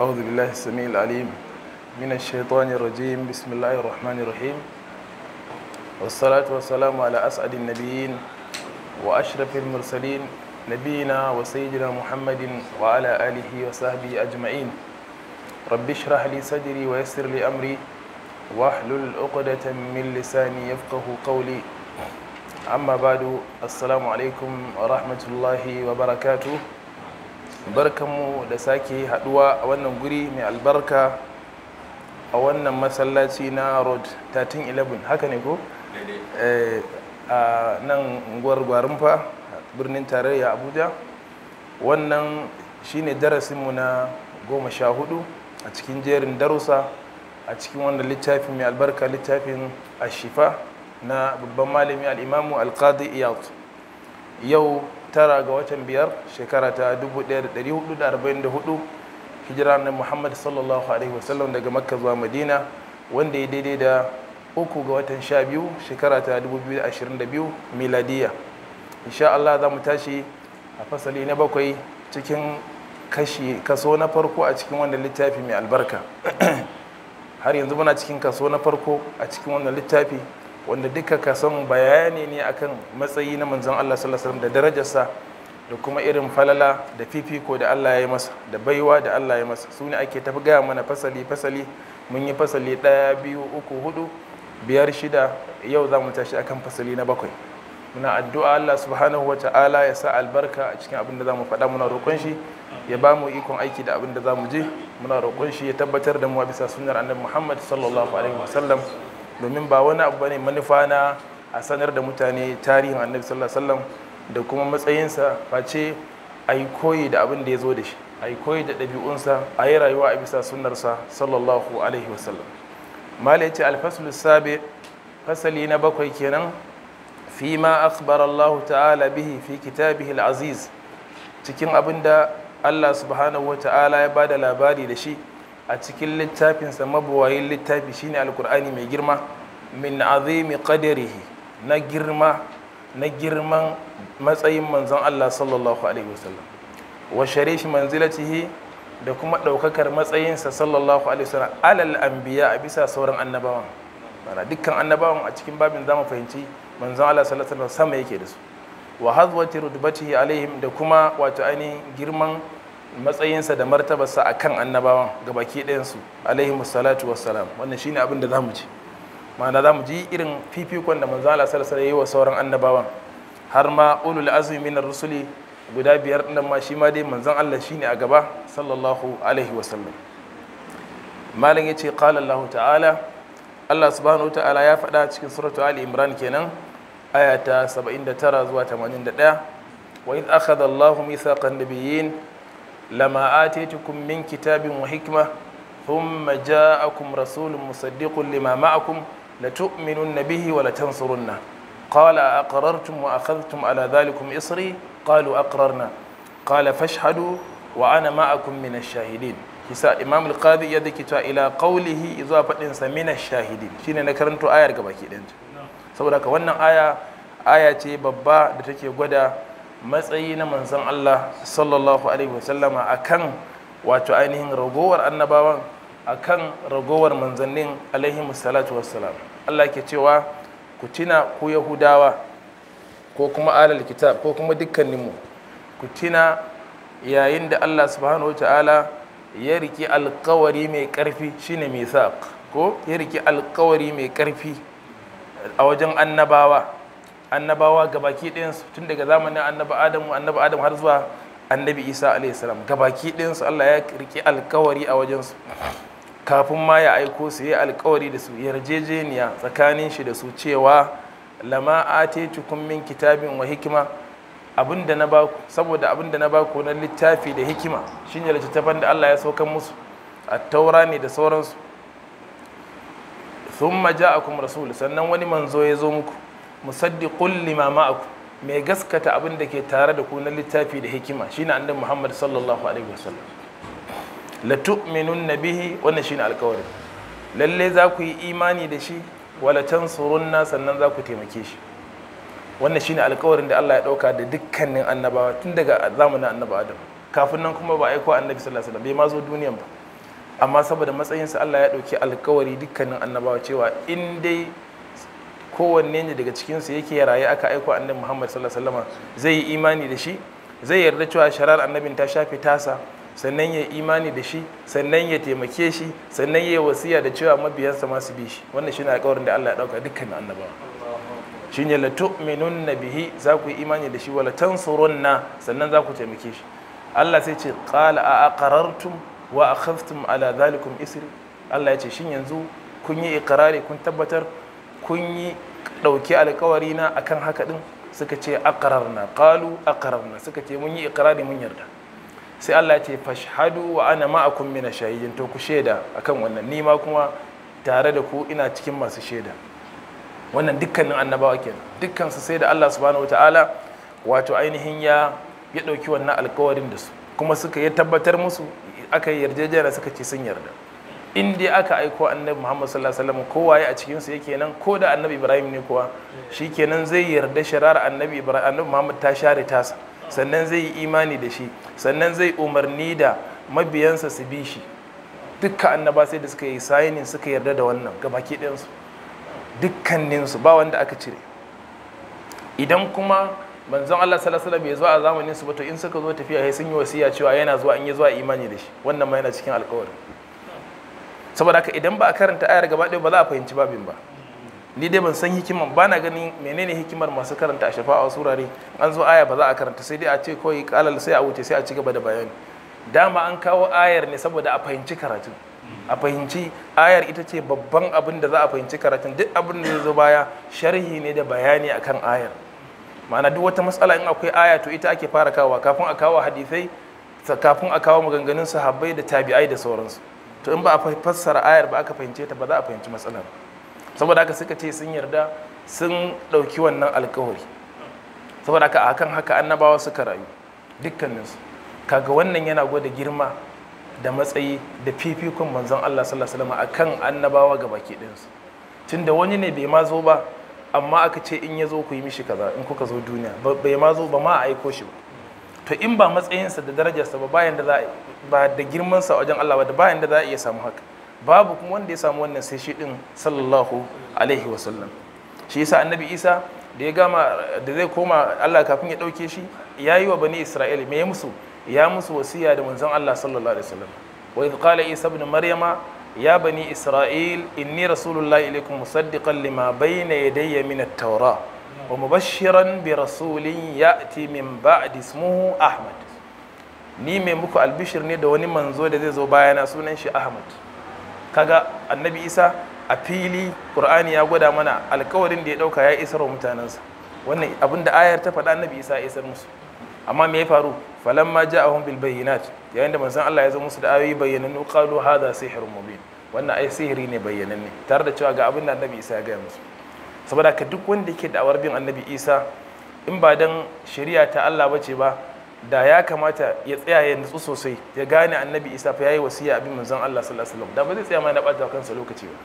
أعوذ بالله السميع العليم من الشيطان الرجيم بسم الله الرحمن الرحيم والصلاة والسلام على أسعد النبيين وأشرف المرسلين نبينا وسيدنا محمد وعلى آله وصحبه أجمعين رب اشرح لي صدري ويسر لي أمري واحلل عقدة من لساني يفقه قولي أما بعد السلام عليكم ورحمة الله وبركاته barkanmu da sake haduwa a wannan guri mai albarka a wannan masallaci na road 1311 haka ne ko? Eh, a nan unguwar gwarumfa birnin tarayya abuja wannan shine darasinmu na goma sha hudu a cikin jerin darusa a cikin wannan littafin mai albarka littafin ashifa na babban malami al'imamu alkadi yau tara ga watan biyar shekara ta 1444 hijira na muhammad sallallahu alaihi wasallam daga makka zuwa madina wanda ya daidai da uku ga watan sha biyu shekara ta 2022 miladiya insha Allah za mu tashi a fasali na bakwai cikin kashi kaso na farko a cikin wannan littafi mai albarka har yanzu muna cikin kaso na farko a cikin wannan littafi wanda duka ka san bayani ne akan matsayi na manzon Allah sallallahu alaihi da darajarsa da kuma irin falala da fifiko da Allah ya yi masa da baiwa da Allah ya masa su ne ake tafi gaya mana fasali fasali mun yi fasali ɗaya biyu uku hudu biyar shida yau za mu tashi akan fasali na bakwai muna addu'a Allah subhanahu wa ta'ala ya sa albarka a cikin abin da za mu faɗa muna roƙon shi ya ba mu ikon aiki da abin da za mu je muna roƙon shi ya tabbatar da mu bisa sunnar annabi Muhammad sallallahu alaihi wasallam domin ba wani abu bane manufa na a sanar da mutane tarihin annabi sallallahu alaihi wasallam da kuma matsayinsa face a yi koyi da abin da ya zo da shi a koyi da ɗabi'unsa a yi rayuwa a bisa sunnarsa sallallahu alaihi wasallam mala yace alfaslu sabi fasali na bakwai kenan fi ma akhbara Allah ta'ala bihi fi kitabihi al-aziz cikin abin da Allah subhanahu wa ta'ala ya bada labari da shi a cikin littafinsa mabawayin littafi shine alkur'ani mai girma min azimi qadarihi na girma na girman matsayin manzon Allah sallallahu alaihi wasallam wa sharifi manzilatihi da kuma ɗaukakar matsayinsa sallallahu alaihi wasallam alal anbiya a bisa sauran annabawan mana dukkan annabawan a cikin babin zamu fahimci manzon Allah sallallahu alaihi wasallam sama yake da su wa hadwati rutbatihi alaihim da kuma wato ainihin girman matsayinsa da martabarsa a kan annabawan ga baki ɗayansu alaihi salatu wassalam wannan shine abin da za mu ji ma'ana za mu ji irin fifikon da manzo Allah sallallahu alaihi wa sauran annabawan har ma ulul azmi min rusuli guda biyar nan ma shi ma dai manzon Allah shine a gaba sallallahu alaihi wasallam malam yace qala Allah ta'ala Allah subhanahu ta'ala ya faɗa cikin suratu ali imran kenan aya ta 79 zuwa 81 wa idh akhadha Allahu mithaqan nabiyyin لما آتيتكم من كتاب وحكمة ثم جاءكم رسول مصدق لما معكم لتؤمنن به ولتنصرنه قال أقررتم وأخذتم على ذلكم إصري قالوا أقررنا قال فاشهدوا وأنا معكم من الشاهدين kisa imam al-qadi ya ta ila qawlihi zuwa fadin sa min ash-shahidin shine na karanto ayar gaba ke dan saboda ka wannan aya aya ce babba da take gwada matsayi na manzan Allah sallallahu alaihi wasallama akan wato ainihin ragowar annabawan akan ragowar manzannin alaihi salatu wassalam Allah ke cewa ku tina ku yahudawa ko kuma alal kitab ko kuma dukkaninmu ku tina yayin da Allah subhanahu ta'ala ya riki alkawari mai karfi shine sa ko ya riki alkawari mai karfi a wajen annabawa annabawa gabaki ɗayansu tun daga zamanin annabi adamu annabi adamu har zuwa annabi isa alayhi salam gabaki su allah ya riƙe alkawari a wajensu kafin ma ya aiko su yi alkawari da su yarjejeniya tsakanin shi da su cewa lama cikin min kitabin wa hikima abinda na baku saboda abinda da na baku na littafi da hikima shine littattafan da Allah ya saukan musu a taura ne da sauransu a kuma rasul sannan wani manzo ya zo muku kulli lima ma'akum mai gaskata abin da ke tare da ku na littafi da hikima shine annabi Muhammad sallallahu alaihi wasallam la tu'minunna bihi wannan shine alƙawarin lalle za ku yi imani da shi wala tansurunna sannan za ku taimake shi wannan shine alƙawarin da Allah ya dauka da dukkanin annabawa tun daga zamanin annabi Adam kafin nan kuma ba aiko annabi sallallahu alaihi wasallam bai ma zo duniyan ba amma saboda matsayinsa Allah ya dauki alƙawari dukkanin annabawa cewa in dai kowanne ne daga cikinsu yake raye aka aiko annabi muhammad sallallahu alaihi wasallam zai yi imani da shi zai yarda cewa sharar annabin ta shafe tasa sannan ya imani da shi sannan ya taimake shi sannan ya wasiya da cewa mabiyansa masu bi shi wannan shine alƙawarin da Allah ya dauka dukkan annabawa shine la tu'minunna bihi za ku yi imani da shi wala tansurunna sannan za ku taimake shi Allah sai ce qala a aqarartum wa akhadhtum ala dhalikum isri Allah ya ce shin yanzu kun yi iqrari kun tabbatar kun yi ɗauki alkawari na akan haka ɗin suka ce a ƙarar na suka ce mun yi iqrari mun yarda sai Allah ce fashhadu wa ana ma'akum mina shahidin to ku shaida akan wannan nima kuma tare da ku ina cikin masu shaida wannan dukkanin annabawa kenan dukkan su sai da Allah subhanahu wataala wato ainihin ya ɗauki wannan alkawarin da su kuma suka ya tabbatar musu aka yarjejeniya suka ce sun yarda in dai aka aiko annabi muhammad sallallahu alaihi wasallam kowaye a cikinsu yake nan ko da annabi ibrahim ne kuwa shikenan zai yarda shirar annabi ibrahim annabi muhammad ta share tasa sannan zai yi imani da shi sannan zai umarni da mabiyansa su bi shi dukkan annaba sai da suka yi sainin suka yarda da wannan gabaki ɗinsu dukkaninsu ba wanda aka cire idan kuma manzon Allah sallallahu alaihi wasallam zo a zamanin su ba to in suka zo tafiya sai sun yi wasiya cewa yana zuwa in ya zuwa imani da shi wannan ma yana cikin alƙawarin saboda haka idan ba a karanta ayar gaba ɗaya ba za a fahimci babin ba ni dai ban san hikimar ba na ganin menene hikimar masu karanta a shafa'a wasu wurare an zo aya ba za a karanta sai dai a ce kawai kalal sai a wuce sai a ci gaba da bayani dama an kawo ayar ne saboda a fahimci karatu a fahimci ayar ita ce babban abin da za a fahimci karatu. duk abin da zo baya sharhi ne da bayani akan ayar ma'ana duk wata matsala in akwai aya to ita ake fara kawo kafin a kawo hadisai kafin a kawo maganganun sahabbai da tabi'ai da sauransu to in ba a fassara ayar ba aka fahimce ta ba za a fahimci matsalar saboda haka suka ce sun yarda sun ɗauki wannan alkawari saboda haka akan haka annabawa suka rayu dukkaninsu kaga wannan yana gwada girma da matsayi da fifikon manzon Allah sallallahu alaihi wasallam akan annabawa ga baki ɗinsu tunda wani ne bai ma zo ba amma aka ce in ya zo ku yi mishi kaza in kuka zo duniya bai ma zo ba ma a aiko shi ba to in ba matsayinsa da darajarsa ba bayan da za a ba da girmansa wajen Allah ba da bayan da za a iya samu haka babu kuma wanda ya samu wannan sai shi din sallallahu alaihi sallam. shi yasa annabi Isa da ya gama da zai koma Allah kafin ya dauke shi ya yi wa bani Isra'il me ya musu ya musu wasiya da manzon Allah sallallahu alaihi wasallam wa idh qala Isa ibn Maryama ya bani Isra'il inni rasulullahi ilaikum musaddiqan lima bayna yadayya min at-taura ومبشرا برسول yati min بعد اسمه Ahmad. ni mai muku albishir ne da wani manzo da zai zo bayana sunan shi ahmad kaga annabi isa a fili qur'ani ya gwada mana alkawarin da ya dauka ya isar wa mutanensa wannan abin da ayar ta faɗa annabi isa ya isar musu amma me ya faru falamma ja'ahum bil bayyinat yayin da manzon Allah ya zo musu da ayoyi bayyanannu qalu hadha sihrun mubin wannan ai sihiri ne bayyananne tare da cewa ga abin da annabi isa ya gaya musu saboda ka duk wanda yake da'awar bin annabi isa in ba don shari'a ta allah bace ba da ya kamata ya tsaya ya nutsu sosai ya gane annabi isa fa yayi wasiya abin manzon allah sallallahu alaihi wasallam da ba zai tsaya mai na bata kansa lokaci ba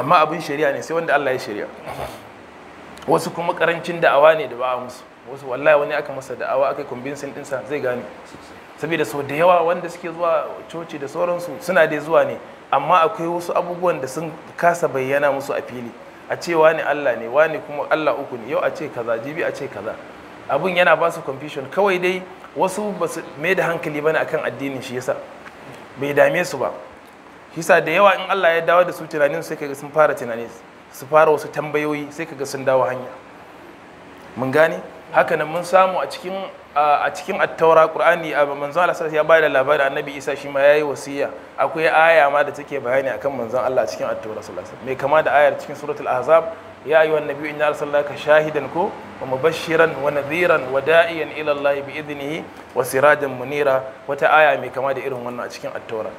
amma abin shari'a ne sai wanda allah ya shari'a wasu kuma karancin da'awa ne da ba a musu wasu wallahi wani aka masa da'awa aka yi convincing dinsa zai gane saboda sau da yawa wanda suke zuwa coci da sauransu suna dai zuwa ne amma akwai wasu abubuwan da sun kasa bayyana musu a fili a ce wani Allah ne wani kuma Allah uku ne yau a ce kaza jibi a ce kaza abun yana ba su confusion kawai dai wasu ba su mai da hankali bane akan addinin shi yasa bai dame su ba hisa da yawa in Allah ya dawo da su tunanin sai kaga sun fara tunani su fara wasu tambayoyi sai kaga sun dawo hanya mun gane hakanan mun samu a cikin a cikin attaura qur'ani a manzon Allah ya ba da labari annabi Isa shi ma yayi wasiya akwai aya ma da take bayani akan manzon Allah cikin attaura sallallahu alaihi mai kama da ayar cikin suratul ahzab ya ayyuhan nabiyyu inna arsalnaka shahidan ko wa mubashiran wa nadhiran wa da'iyan ila Allah bi idnihi wa sirajan munira wata aya mai kama da irin wannan a cikin attaura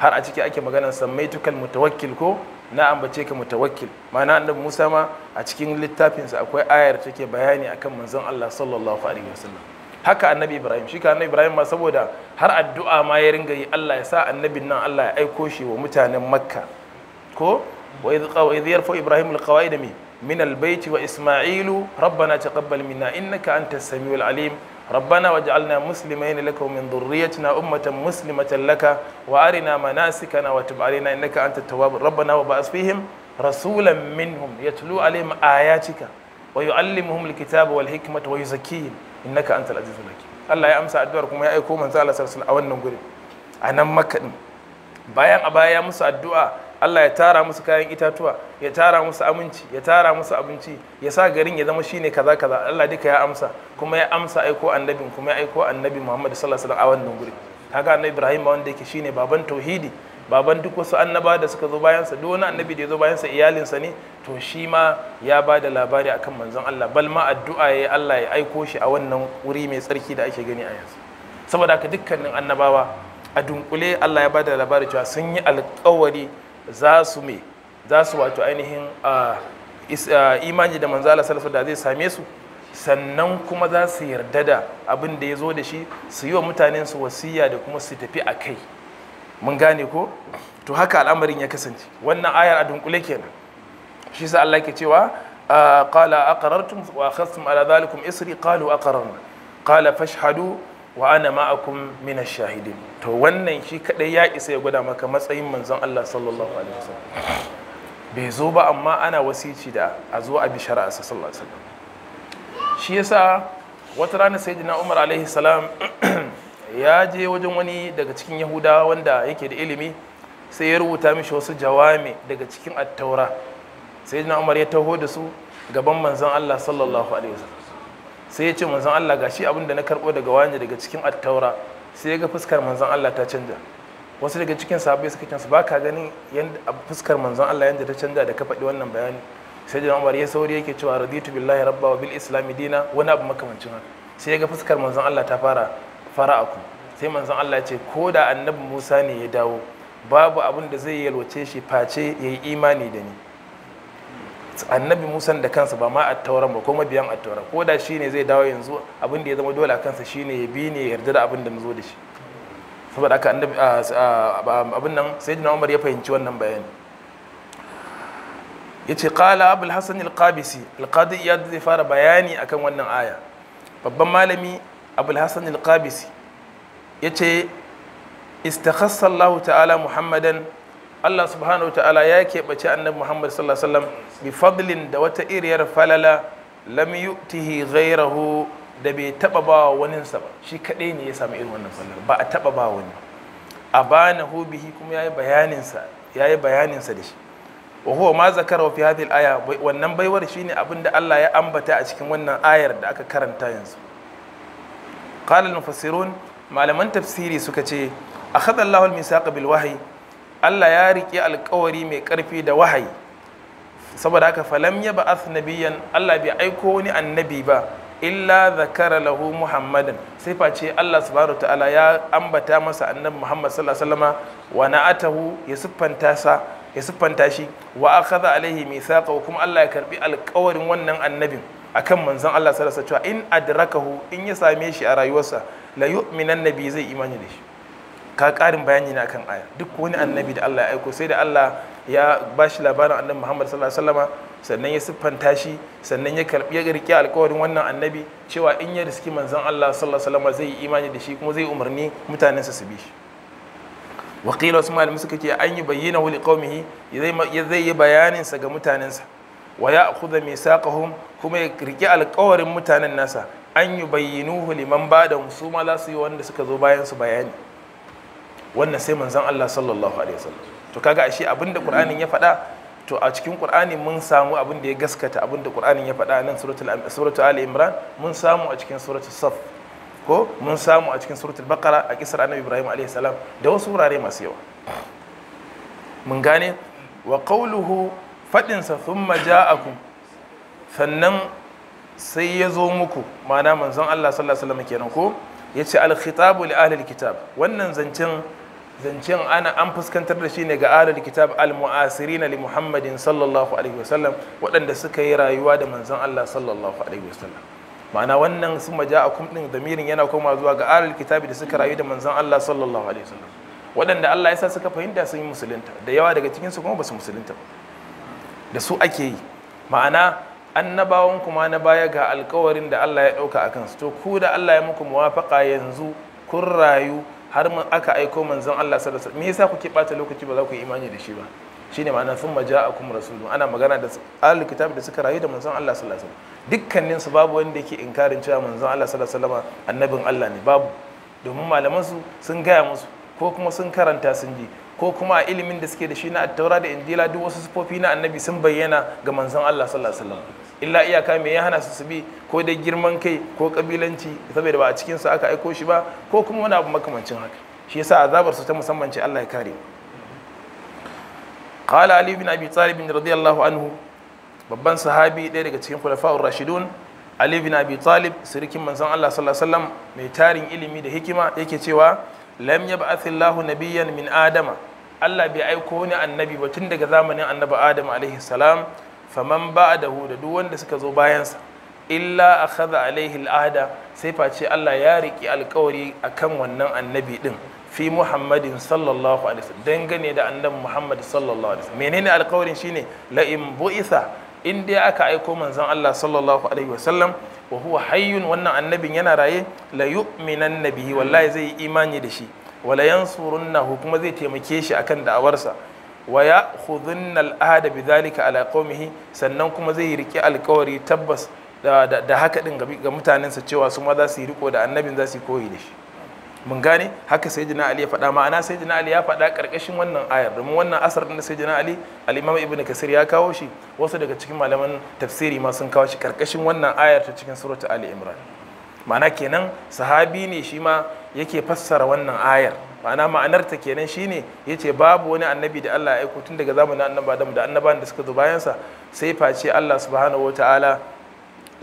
har a ciki ake maganar samaitukal mutawakkil ko na ambace ka mutawakkil ma'ana annabi Musa ma a cikin littafinsa akwai ayar take bayani akan manzon Allah sallallahu alaihi wasallam haka annabi Ibrahim shi ka annabi Ibrahim ma saboda har addu'a ma ya ringa yi Allah ya sa annabin nan Allah ya aiko shi wa mutanen Makka ko wa idh qawa idh yarfu Ibrahim alqawaid min min albayt wa Isma'ilu rabbana taqabbal minna innaka antas samiul alim ربنا واجعلنا مسلمين لك ومن ذريتنا أمة مسلمة لك وأرنا مناسكنا وتب علينا إنك أنت التواب ربنا وبعث فيهم رسولا منهم يتلو عليهم آياتك ويعلمهم الكتاب والحكمة ويزكيهم إنك أنت العزيز الحكيم Allah ya amsa addu'arku kuma ya aiko manzo Allah sallallahu alaihi wasallam a wannan gurin a nan Makka din bayan a baya ya musu addu'a Allah ya tara musu kayan itatuwa ya tara musu aminci ya tara musu abinci ya sa garin ya zama shine kaza kaza Allah duka ya amsa kuma ya amsa aiko annabin kuma ya aiko annabi Muhammad sallallahu alaihi wasallam a wannan guri kaga annabi Ibrahim wanda yake shine baban tauhidi baban duk wasu annaba da suka zo bayansa duk wani annabi da ya zo iyalin sa ne to shi ma ya ba da labari akan manzon Allah bal ma addu'a ya Allah ya aiko shi a wannan wuri mai tsarki da ake gani a yanzu saboda haka dukkanin annabawa a dunkule Allah ya ba da labari cewa sun yi alkawari za su me za su wato ainihin imani da manzala salafu da zai same su sannan kuma za su yarda da abin da ya zo da shi su yi wa mutanen su wasiya da kuma su tafi a kai mun gane ko to haka al'amarin ya kasance wannan ayar a dunkule kenan shi sa Allah ke cewa qala aqarartum wa akhadhtum ala dhalikum isri qalu aqrarna qala fashhadu wa ana ma'akum mina shahidin to wannan shi kadai ya isa ya gwada maka matsayin manzon Allah sallallahu alaihi wasallam bai zo ba amma ana wasici da a zo a bi a sallallahu alaihi wasallam shi yasa wata rana sayyidina Umar alaihi salam ya je wajen wani daga cikin Yahudawa wanda yake da ilimi sai ya rubuta mishi wasu jawami daga cikin attaura sayyidina Umar ya taho da su gaban manzon Allah sallallahu alaihi wasallam sai ya ce manzon Allah ga abin da na karbo daga wani daga cikin attaura sai ya ga fuskar manzon Allah ta canja wasu daga cikin sahabbai suka ce ba ka ganin fuskar manzon Allah yadda ta canja da ka faɗi wannan bayani sai da Umar ya sauri yake cewa raditu billahi rabba wa bil islami dina wani abu makamancin haka sai ya ga fuskar manzon Allah ta fara aku sai manzon Allah ce ko da annabi Musa ne ya dawo babu abin da zai yalwace shi face yayi imani da ni annabi musan da kansa ba ma attauran ba ko mabiyan attauran ko da ne zai dawo yanzu abin da ya zama dole a kansa ne ya bi ne ya yarda da abin da zo da shi saboda haka annabi ah, ah, abin nan sayyidina umar ya fahimci wannan bayani yace kala abul hasan al-qabisi al-qadi iyad zai fara bayani akan wannan aya babban malami abul hasan al-qabisi yace istakhassa Allah ta'ala Muhammadan Allah subhanahu wa ta'ala ya keɓace annabi Muhammad sallallahu alaihi wasallam bi fadlin da wata iriyar falala lam yu'tihi ghayrahu da bai taba ba waninsa ba shi kaɗai ne ya samu irin wannan falala ba a taba ba wani a bana bihi kuma yayi bayanin sa yayi bayanin sa da shi wa huwa ma zakara fi hadhihi al-aya wannan baiwar shine abinda Allah ya ambata a cikin wannan ayar da aka karanta yanzu qala al-mufassirun malaman tafsiri suka ce akhadha Allahu al-misaqa bil wahyi Allah ya riƙe alkawari mai ƙarfi da wahayi saboda haka falam ya ba'ath nabiyan Allah bai aiko wani annabi ba illa zakara lahu muhammadan sai face Allah subhanahu ta'ala ya ambata masa annabi Muhammad sallallahu alaihi wasallama wa na'atahu ya siffanta sa ya siffanta shi wa akhadha alaihi mithaqa kuma Allah ya karbi alƙawarin wannan annabin akan manzon Allah sallallahu alaihi in cewa in adrakahu in ya same shi a rayuwarsa la yu'minan nabi zai imani da shi ka karin bayani na kan aya duk wani annabi da Allah ya aiko sai da Allah ya ba shi labarin annabi Muhammad sallallahu alaihi sannan ya siffanta shi sannan ya karbi ya rike alƙawarin wannan annabi cewa in ya riski manzon Allah sallallahu alaihi zai yi imani da shi kuma zai umarni mutanen su bi shi wa qila wasu suka ce an yi bayyana wa liqaumihi zai yi bayanin sa ga mutanensa wa ya'khudha misaqahum kuma ya rike alƙawarin mutanen nasa an yi bayyinuhu liman da su ma za su yi wanda suka zo bayan su bayani wannan sai manzon Allah sallallahu alaihi wasallam to kaga ashe abinda Qur'anin ya faɗa to a cikin Qur'ani mun samu abinda ya gaskata abinda Qur'anin ya faɗa nan suratul suratul Ali Imran mun samu a cikin suratul Saf ko mun samu a cikin suratul Baqara a kisar Annabi Ibrahim alaihi salam da wasu wurare masu yawa mun gane wa qawluhu fadinsa thumma ja'akum sannan sai ya zo muku mana manzon Allah sallallahu alaihi wasallam kenan ko yace al-khitabu li ahli al-kitab wannan zancen zancen ana an fuskantar da shi ne ga alal kitab al mu'asirin li muhammadin sallallahu alaihi wasallam waɗanda suka yi rayuwa da manzon Allah sallallahu alaihi wasallam ma'ana wannan sun maja a kum din damirin yana koma zuwa ga alal kitabi da suka rayu da manzon Allah sallallahu alaihi wasallam waɗanda Allah ya sa suka fahimta sun yi musulunta da yawa daga cikinsu kuma ba su musulunta ba da su ake yi ma'ana annabawan kuma na baya ga alkawarin da Allah ya ɗauka a kansu to ku da Allah ya muku muwafaqa yanzu kun rayu har mun aka aiko manzon Allah sallallahu alaihi wasallam me yasa kuke bata lokaci ba za ku yi imani da shi ba shine ma'ana thumma ja'akum rasulun ana magana da ahlul kitab da suka rayu da manzon Allah sallallahu alaihi wasallam dukkanin su babu wanda yake inkarin cewa manzon Allah sallallahu alaihi wasallam annabin Allah ne babu domin malaman su sun gaya musu ko kuma sun karanta sun ji ko kuma a ilimin da suke da shi na taura da injila duk wasu sufofi na annabi sun bayyana ga manzon Allah sallallahu alaihi wasallam illa iyaka me ya hana su su bi ko da girman kai ko kabilanci saboda ba a cikin su aka aiko shi ba ko kuma wani abu makamancin haka shi yasa azabar su ta musamman ce Allah ya kare qala ali bin abi talib radiyallahu anhu babban sahabi ɗaya daga cikin khulafa'ur rashidun ali bin abi talib sirikin manzon Allah sallallahu alaihi wasallam mai tarin ilimi da hikima yake cewa lam na nabiyyan min adama Allah bai aiko wani annabi ba tun daga zamanin annabi Adam alaihi salam faman ba'dahu da duk wanda suka zo bayansa illa akhadha alaihi al'ada sai face Allah ya riki alkawari akan wannan annabi din fi Muhammadin sallallahu alaihi wasallam dangane da annabi Muhammad sallallahu alaihi wasallam menene alkawarin shine la in bu'itha in dai aka aiko manzon Allah sallallahu alaihi wasallam wa huwa hayyun wannan annabin yana raye la yu'minan nabihi wallahi zai yi imani da shi wala surunna hukuma zai taimake shi akan da'awarsa wa ya al'ada bi zalika ala qaumihi sannan kuma zai riki alkawari tabbas da haka din ga mutanensa cewa su ma za su yi riko da annabin za su koyi da shi mun gane haka sayyidina ali ya faɗa ma'ana sayyidina ali ya faɗa ƙarƙashin wannan ayar domin wannan asar din sayyidina ali al-imam ibn kasir ya kawo shi wasu daga cikin malaman tafsiri ma sun kawo shi karkashin wannan ayar ta cikin suratu ali imran ma'ana kenan sahabi ne shi ma yake fassara wannan ayar ma'ana ma'anarta kenan shine yace babu wani annabi da Allah ya aiko tun daga zamanin annaba da da annaban da suka zo bayansa sai face Allah subhanahu wataala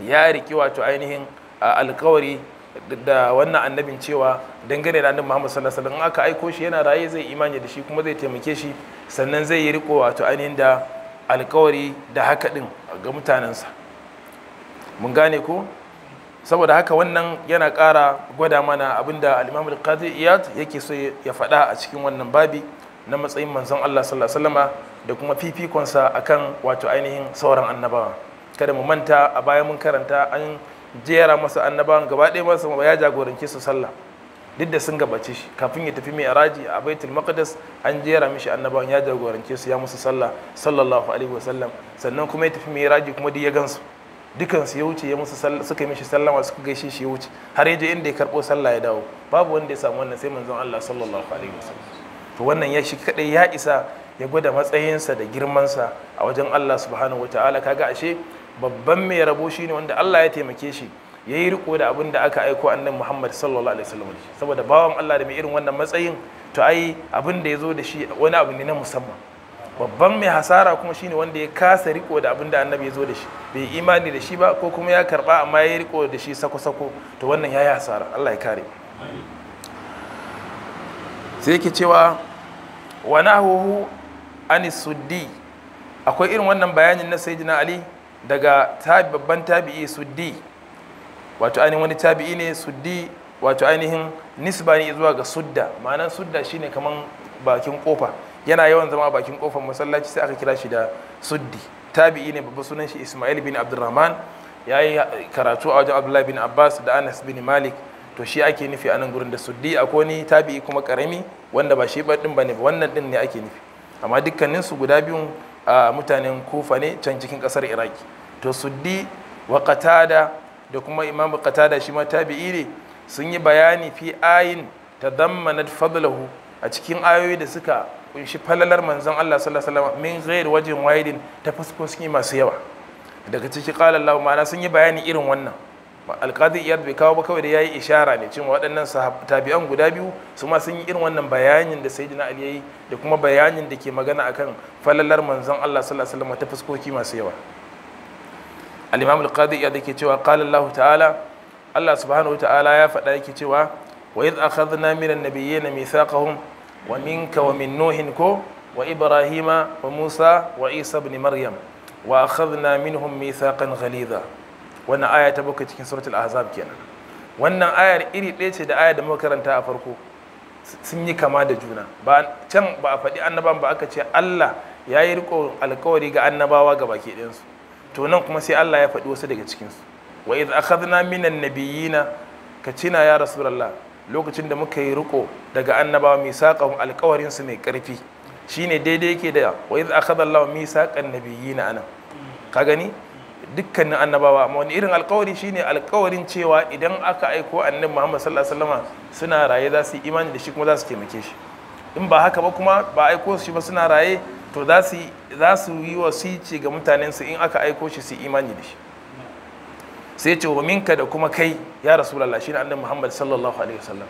ya riki wato ainihin alkawari da wannan annabin cewa dangane da annabi Muhammad sallallahu alaihi aka aiko shi yana raye zai imani da shi kuma zai taimake shi sannan zai yi riko wato ainihin da alkawari da haka din ga mutanensa mun gane ko saboda haka wannan yana ƙara gwada mana abinda al'imamul imam iyad yake so ya faɗa a cikin wannan babi na matsayin manzon Allah sallallahu alaihi wasallama da kuma fifikonsa akan wato ainihin sauran annabawa kada mu manta a bayan mun karanta an jera masa annabawan gaba ɗaya masa ya jagorance su sallah duk da sun gabace shi kafin ya tafi mai araji a baitul maqdis an jera mishi annabawan ya jagorance su ya musu sallah sallallahu alaihi wasallam sannan kuma ya tafi mai araji kuma duk ya gansu dukansu ya wuce ya musu suka yi mishi sallama suka gaishe shi ya wuce har ya inda ya karɓo sallah ya dawo babu wanda ya samu wannan sai manzon Allah sallallahu alaihi wasallam to wannan ya shi kadai ya isa ya gwada matsayinsa da girman sa a wajen Allah subhanahu wataala kaga ashe babban mai rabo shine wanda Allah ya taimake shi ya yi riko da abin da aka aiko annabi Muhammad sallallahu alaihi wasallam saboda bawan Allah da mai irin wannan matsayin to ai abin da ya zo da shi wani abu ne na musamman babban mai hasara kuma shine wanda ya kasa riko da abin da annabi ya zo da shi bai imani da shi ba ko kuma ya karba amma ya riko da shi sako-sako to wannan ya yi hasara allah ya kare sai yake cewa wa nahuhu an suddi akwai irin wannan bayanin na sayyidina ali daga babban tabi'i suddi wato ainihin wani tabi'i ne suddi wato ainihin nisba ne zuwa ga sudda ma'anar sudda shine kaman bakin kofa yana yawan zama a bakin kofar masallaci sai aka kira shi da suddi tabi'i ne babban sunan shi ismail bin Abdulrahman ya yi karatu a wajen abdullahi bin abbas da anas bin malik to shi ake nufi a nan gurin da suddi akwai ni tabi'i kuma karami wanda ba shi din ba ne ba wannan din ne ake nufi amma dukkanin su guda biyun a mutanen kufa ne can cikin kasar iraki to suddi wa qatada da kuma imamu qatada shi ma tabi'i ne sun yi bayani fi ayin tadammanat fadlahu a cikin ayoyi da suka kunshi falalar manzon Allah sallallahu alaihi wasallam min ghair wajin wahidin ta fuskoki masu yawa daga ciki qala Allah ma'ana sun yi bayani irin wannan alqadi iyad bai kawo ba kawai da yayi ishara ne cewa waɗannan tabi'an guda biyu su ma sun yi irin wannan bayanin da sayyidina Ali yayi da kuma bayanin da ke magana akan falalar manzon Allah sallallahu alaihi wasallam ta fuskoki masu yawa al-imam al-qadi iyad yake cewa qala Allah ta'ala Allah subhanahu wa ta'ala ya faɗa yake cewa wa idh akhadna minan nabiyyina mithaqahum wa minka wa min nuhin ko wa ibrahima wa musa wa isa ibn maryam wa akhadna minhum mithaqan ghalidha wannan aya ta bakwai cikin suratul ahzab kenan wannan ayar iri ɗaya ce da aya da muka karanta a farko sun yi kama da juna ba can ba a faɗi annaban ba aka ce Allah ya yi riko alkawari ga annabawa ga baki ɗayansu to nan kuma sai Allah ya faɗi wasu daga cikinsu wa idh akhadna minan nabiyina ka cina ya rasulullah lokacin da muka yi riko daga annabawa mai alƙawarin su mai ƙarfi ne daidai yake da wa idh akhadha Allahu misaqan na anan ka gani dukkanin annabawa amma wani irin alƙawari ne alkawarin cewa idan aka aiko annabi Muhammad sallallahu alaihi wasallam suna raye za su yi imani da shi kuma za su taimake shi in ba haka ba kuma ba aiko su shi ba suna raye to za su yi wasici ga mutanensu in aka aiko shi su yi imani da shi sai ce wa minka da kuma kai ya rasulullah shine annabi muhammad sallallahu alaihi wasallam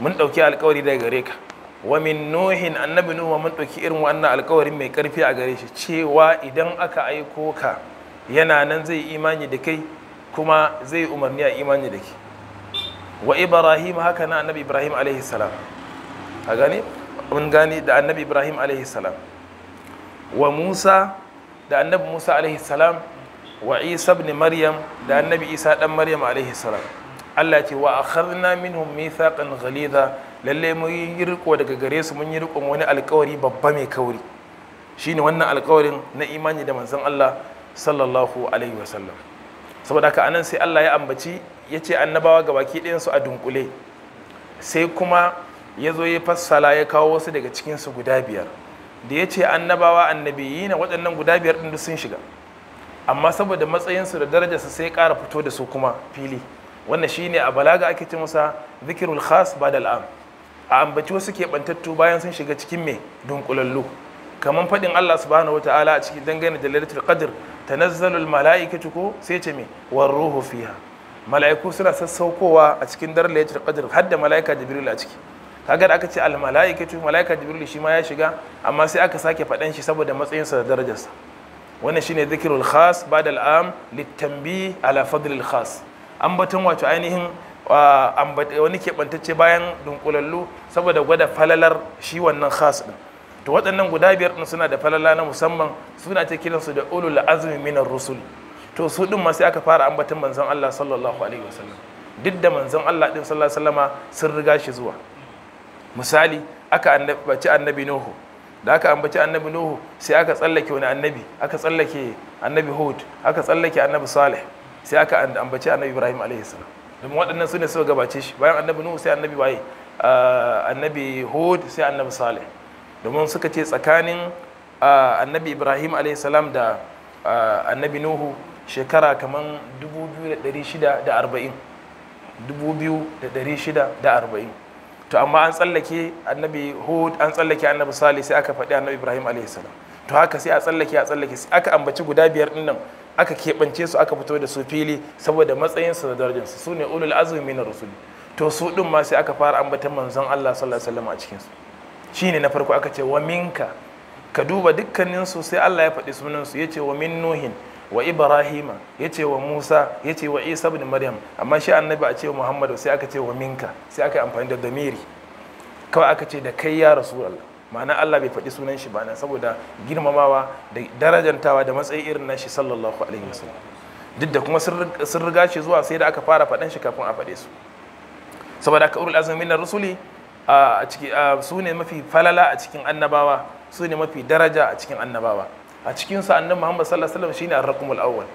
mun dauki alkawari daga gare ka wa min nuhin annabi nuhu mun dauki irin wannan alkawarin mai karfi a gare shi cewa idan aka aiko ka yana nan zai imani da kai kuma zai umarni a imani da ke. wa ibrahim haka na annabi ibrahim alaihi salam a gane mun gane da annabi ibrahim alaihi salam wa musa da annabi musa alaihi salam wa isa ibn maryam da annabi isa dan maryam alaihi salam Allah ce wa akhadna minhum mithaqan ghalidha lalle mun yi riko daga gare su mun yi rikon wani alkawari babba mai kauri shine wannan alkawarin na imani da manzon Allah sallallahu alaihi wasallam saboda haka anan sai Allah ya ambaci ya ce annabawa ga baki ɗayan su a dunkule sai kuma ya zo ya fassala ya kawo wasu daga cikinsu guda biyar da ya ce annabawa annabiyi na waɗannan guda biyar ɗin sun shiga amma saboda matsayinsu da darajarsu sai kara fito da su kuma fili wannan shine a balaga ake ce masa zikirul khas ba da al'am a ambaci wasu keɓantattu bayan sun shiga cikin mai dunkulallu kamar faɗin Allah subhanahu ta'ala a cikin dangane da lailatul qadr tanazzalul mala'ikatu ko sai ce mai war mala'iku suna sassaukowa a cikin dar qadr har da mala'ika jibril a ciki kaga da aka ce al mala'ikatu mala'ika jibril shi ma ya shiga amma sai aka sake faɗan shi saboda matsayinsa da darajarsa wannan shine zikirul khas ba'da al'am litambi ala fadlil khas ambaton wato ainihin wani keɓantacce bayan dunkulallu saboda gwada falalar shi wannan khas din to waɗannan guda biyar din suna da falala na musamman suna ta kiransu da ulul azmi minar rusul to su din ma sai aka fara ambaton manzon Allah sallallahu alaihi wasallam duk da manzon Allah din sallallahu alaihi wasallama sun riga shi zuwa misali aka annabi annabi Nuhu da aka ambaci annabi nuhu sai aka tsallake wani annabi aka tsallake annabi hud aka tsallake annabi salih sai aka ambaci annabi ibrahim alaihi salam domin waɗannan su ne suka gabace shi bayan annabi nuhu sai annabi waye ah, annabi hud sai annabi salih domin suka ce tsakanin ah, annabi ibrahim alaihi salam da ah, annabi nuhu shekara kamar 2640 2640 to amma an tsallake annabi hud an tsallake annabi salih sai aka faɗi annabi ibrahim a.s. to haka sai a tsallake a tsallake sai aka ambaci guda biyar din nan aka keɓance su aka fito da su fili saboda matsayinsu da darajarsu su ne ulul azumi na rasul to su ɗin ma sai aka fara ambatan manzon allah sallallahu a cikinsu shine na farko aka ce wa minka ka duba dukkaninsu sai allah ya faɗi sunansu ya ce wa min nuhin wa ibrahima ya ce wa musa ya ce wa isa bin maryam amma shi annabi a ce muhammadu sai aka ce wa minka sai aka yi amfani da damiri kawai aka ce da kai ya allah ma'ana allah bai faɗi sunan shi bana saboda girmamawa da darajantawa da matsayi irin na shi sallallahu alaihi wasallam duk da kuma sun riga shi zuwa sai da aka fara faɗan shi kafin a faɗe su saboda ka ulul azumin na rusuli a ciki su ne mafi falala a cikin annabawa su ne mafi daraja a cikin annabawa a cikin sa annabi Muhammad sallallahu alaihi wasallam shine ar-raqmul awwal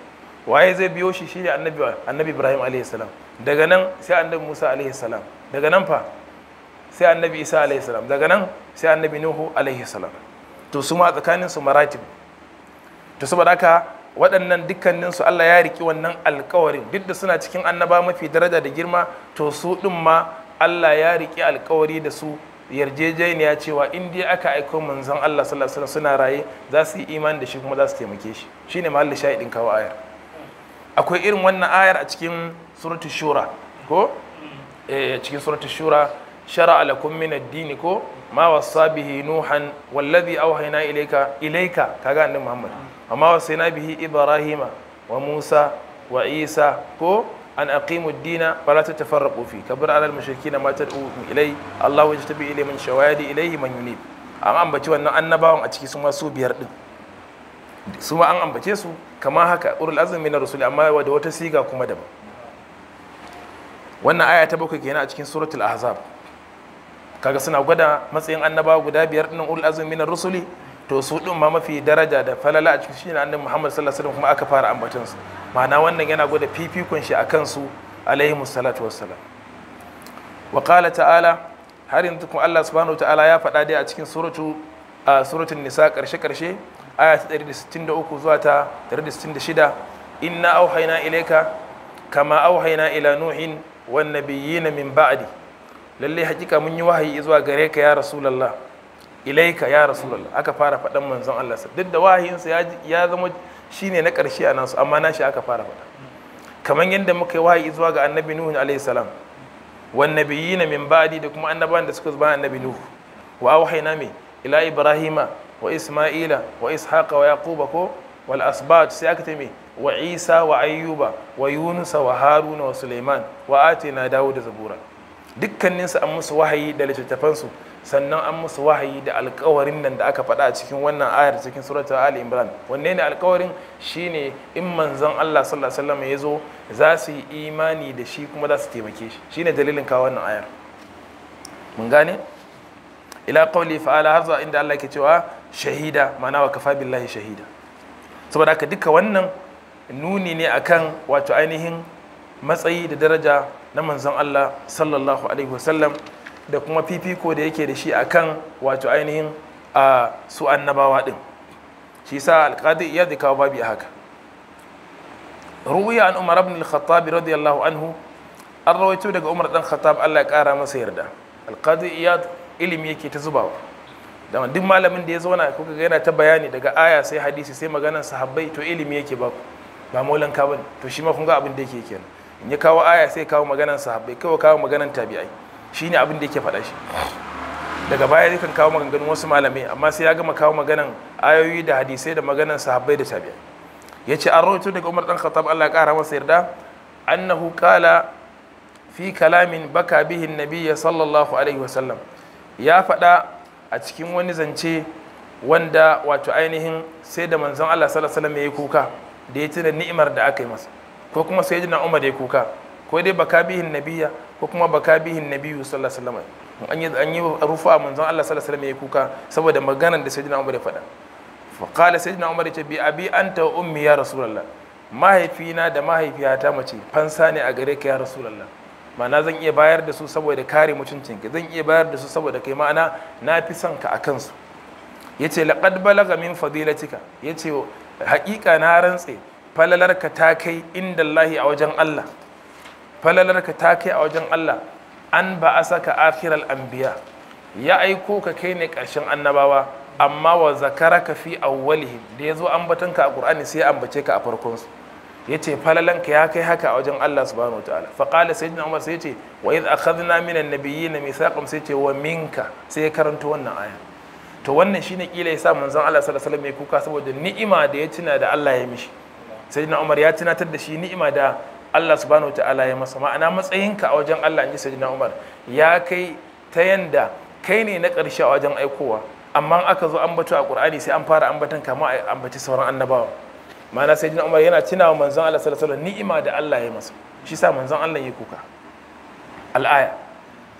waye zai biyo shi shine annabi annabi Ibrahim alaihi salam daga nan sai annabi Musa alaihi salam daga nan fa sai annabi Isa alaihi salam daga nan sai annabi Nuhu alaihi salam to su ma tsakanin su maratib to saboda haka waɗannan dukkanin su Allah ya riki wannan alƙawarin. duk da suna cikin annaba mafi daraja da girma to su ɗin ma Allah ya riki alƙawari da su yarjejeniya cewa in dai aka aiko manzon Allah sallallahu alaihi suna raye za su yi imani da shi kuma za su taimake shi shine mahallin shahidin kawo ayar akwai irin wannan ayar a cikin suratu shura ko eh cikin suratu shura shara alakum min ad-din ko ma wasa bihi nuhan wallazi awhayna ilayka ilayka kaga annabi Muhammad amma wasayna bihi ibrahima wa Musa wa Isa ko an aqimu ad-dina wa la tatafarraqu fi kabir ala al-mushrikeena ma tad'u ilay Allah yajtabi ilay man shawadi ilayhi man yunib an ambaci wannan annabawan a ciki su ma su biyar din su ma an ambace su kama haka urul azmi na rasul amma da wata siga kuma daban wannan aya ta bakwai kenan a cikin suratul ahzab kaga suna gwada matsayin annabawa guda biyar din urul azmi na rusuli to su ɗin ma mafi daraja da falala a cikin shine annabi Muhammad sallallahu alaihi wasallam kuma aka fara ambaton su ma'ana wannan yana gwada fifikon shi akan su alaihi musallatu wassalam wa qala ta'ala har yanzu kuma Allah subhanahu ta'ala ya faɗa dai a cikin suratu a suratul nisa karshe karshe aya ta 163 zuwa ta 166 inna auhayna ilayka kama auhayna ila nuhin wan nabiyyin min ba'di lalle hakika mun yi wahayi zuwa gare ka ya rasulullah ilaika ya rasulullah aka fara faɗan manzon Allah duk da wahayinsa ya zama shine na ƙarshe a nasu amma nashi aka fara faɗa kamar yadda muka yi wahayi zuwa ga annabi nuhu alayhi salam wan nabiyina min ba'di da kuma annabawan da suka zuba annabi nuhu wa auhayna me ila ibrahima wa isma'ila wa ishaqa wa yaquba ko wal asbat sai aka ce wa isa wa ayyuba wa yunusa wa haruna wa sulaiman wa atina dawud da zabura dukkaninsu an musu wahayi da littattafansu sannan an musu wahayi da alkawarin nan da aka faɗa a cikin wannan ayar cikin suratul ali imran wanne ne alkawarin shine in manzon Allah sallallahu alaihi wasallam ya zo za su yi imani da shi kuma za su taimake shi shine dalilin kawo wannan ayar mun gane ila qawli fa'ala har inda Allah ke cewa shahida ma'ana wa kafa billahi shahida saboda haka duka wannan nuni ne akan wato ainihin matsayi da daraja na manzon Allah sallallahu alaihi wasallam da kuma fifiko da yake da shi akan wato ainihin a su annabawa din shi sa alƙadi ya kawo babi a haka ruwiya an umar abin al radiyallahu anhu an rawaito daga umar ɗan khattab Allah ya ƙara masa yarda alƙadi ya ilimi yake ta zubawa da duk malamin da ya zauna ko ga yana ta bayani daga aya sai hadisi sai maganar sahabbai to ilimi yake ba ba maulan ka bane to shi ma kun ga abin da yake kenan in ya kawo aya sai kawo maganar sahabbai kawai kawo maganar tabi'ai ne abin da yake faɗa shi daga baya zai kan kawo maganganun wasu malamai amma sai ya gama kawo maganan ayoyi da hadisai da maganan sahabbai da tabi'a ya ce an rawaito daga umar dan khattab Allah ya kara masa yarda annahu qala fi kalamin baka bihi nabiyya sallallahu alaihi wasallam ya faɗa a cikin wani zance wanda wato ainihin sai da manzon Allah sallallahu alaihi wasallam ya yi kuka da ya tuna ni'imar da aka yi masa ko kuma sayyidina umar ya kuka ko dai baka bihin nabiyya ko kuma baka bihin Nabiyu sallallahu alaihi wasallam an yi an yi rufa manzon Allah sallallahu alaihi wasallam ya kuka saboda maganar da sayyidina Umar ya faɗa fa qala sayyidina Umar ya ce bi abi anta wa ummi ya rasulullah mahaifina da mahaifiyata mace fansa ne a gare ka ya rasulullah ma'ana zan iya bayar da su saboda kare mutuncin ka. zan iya bayar da su saboda kai ma'ana na fi son ka a kansu ya ce laƙad balaga min fadilatika ya ce haƙiƙa na rantse falalarka ta kai inda Allahi a wajen Allah falalarka ta kai a wajen Allah an ba a saka akhiral anbiya ya aiko ka kai ne ƙarshen annabawa amma wa zakaraka fi awwalihim da yazo batanka a Qur'ani sai ambace ka a farkon su yace falalanka ya kai haka a wajen Allah subhanahu wataala fa qala sayyidina Umar sai yace wa idh akhadna minan nabiyyin mithaqan sai yace wa minka sai ya karanto wannan aya to wannan shine kila yasa manzon Allah sallallahu alaihi wasallam ya kuka saboda ni'ima da ya tuna da Allah ya mishi sayyidina Umar ya tunatar da shi ni'ima da Allah subhanahu wa ta'ala ya masa ma'ana matsayinka a wajen Allah inji sajina Umar ya kai ta yanda kai ne na ƙarshe a wajen aikowa amma aka zo ambato a Qur'ani sai an fara ambatan kama a ambaci sauran annabawa ma'ana sajina Umar yana wa manzon Allah sallallahu alaihi wasallam ni'ima da Allah ya masa shi sa manzon Allah ya kuka al'aya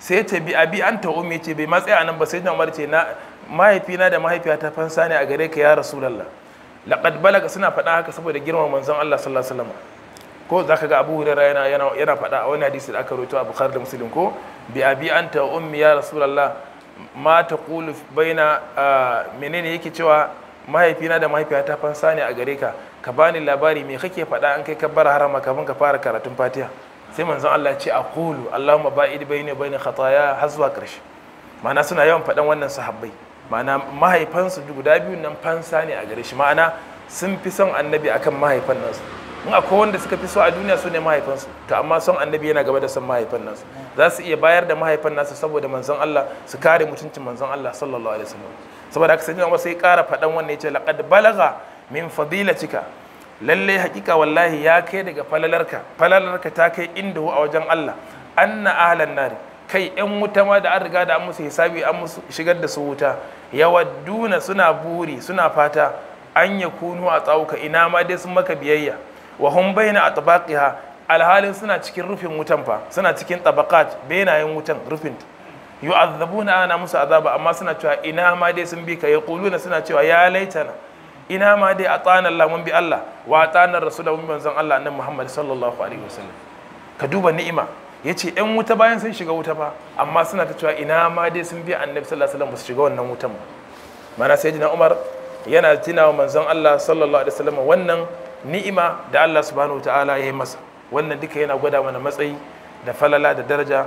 sai ta bi abi ta umme ce bai matsaya anan ba sajina Umar ce na mahaifina da mahaifiyata fansa ne a gare ka ya rasulullah laqad balaga suna faɗa haka saboda girman manzon Allah sallallahu alaihi wasallam ko za ka ga abu hurera yana yana faɗa a wani hadisi da aka roto a bukhari da musulun ko bi abi anta wa ummi ya rasulullah ma taqulu baina menene yake cewa mahaifina da mahaifiyata fansa ne a gare ka ka bani labari me kake faɗa an kai ka bar harama kafin ka fara karatun fatiha sai manzon Allah ce aqulu allahumma ba'id baini baina khataya har zuwa karshe ma'ana suna yawan faɗan wannan sahabbai ma'ana mahaifansu guda biyun nan fansa ne a gare shi ma'ana sun fi son annabi akan mahaifan nasu in akwai wanda suka fi so a duniya su ne mahaifansu to amma son annabi yana gaba da son mahaifan nasu za su iya bayar da mahaifan nasu saboda manzon Allah su kare mutuncin manzon Allah sallallahu alaihi wasallam saboda haka sayyidina Umar sai kara faɗan wannan yace laqad balagha min fadilatika lalle hakika wallahi ya kai daga falalarka falalarka ta kai inda hu a wajen Allah anna ahlan nari kai yan wuta ma da an riga da an musu hisabi an musu shigar da su wuta yawadduna suna buri suna fata an yakunu a tsawuka ina ma dai sun maka biyayya wa hum baina atbaqiha alhalin suna cikin rufin wutan fa suna cikin tabaqat benayen wutan rufin yu'azzabuna ana musu azaba amma suna cewa ina ma dai sun bi ka yaquluna suna cewa ya laitana ina ma dai atana Allah mun bi Allah wa atana rasulahu mun manzon Allah annabi Muhammad sallallahu alaihi wasallam ka duba ni'ima yace yan wuta bayan sun shiga wuta fa amma suna ta cewa ina ma dai sun bi annabi sallallahu alaihi wasallam ba su shiga wannan wutan ba mana sayyidina Umar yana tunawa, wa manzon Allah sallallahu alaihi wasallam wannan ni'ima da Allah subhanahu ta'ala ya yi masa wannan duka yana gwada mana matsayi da falala da daraja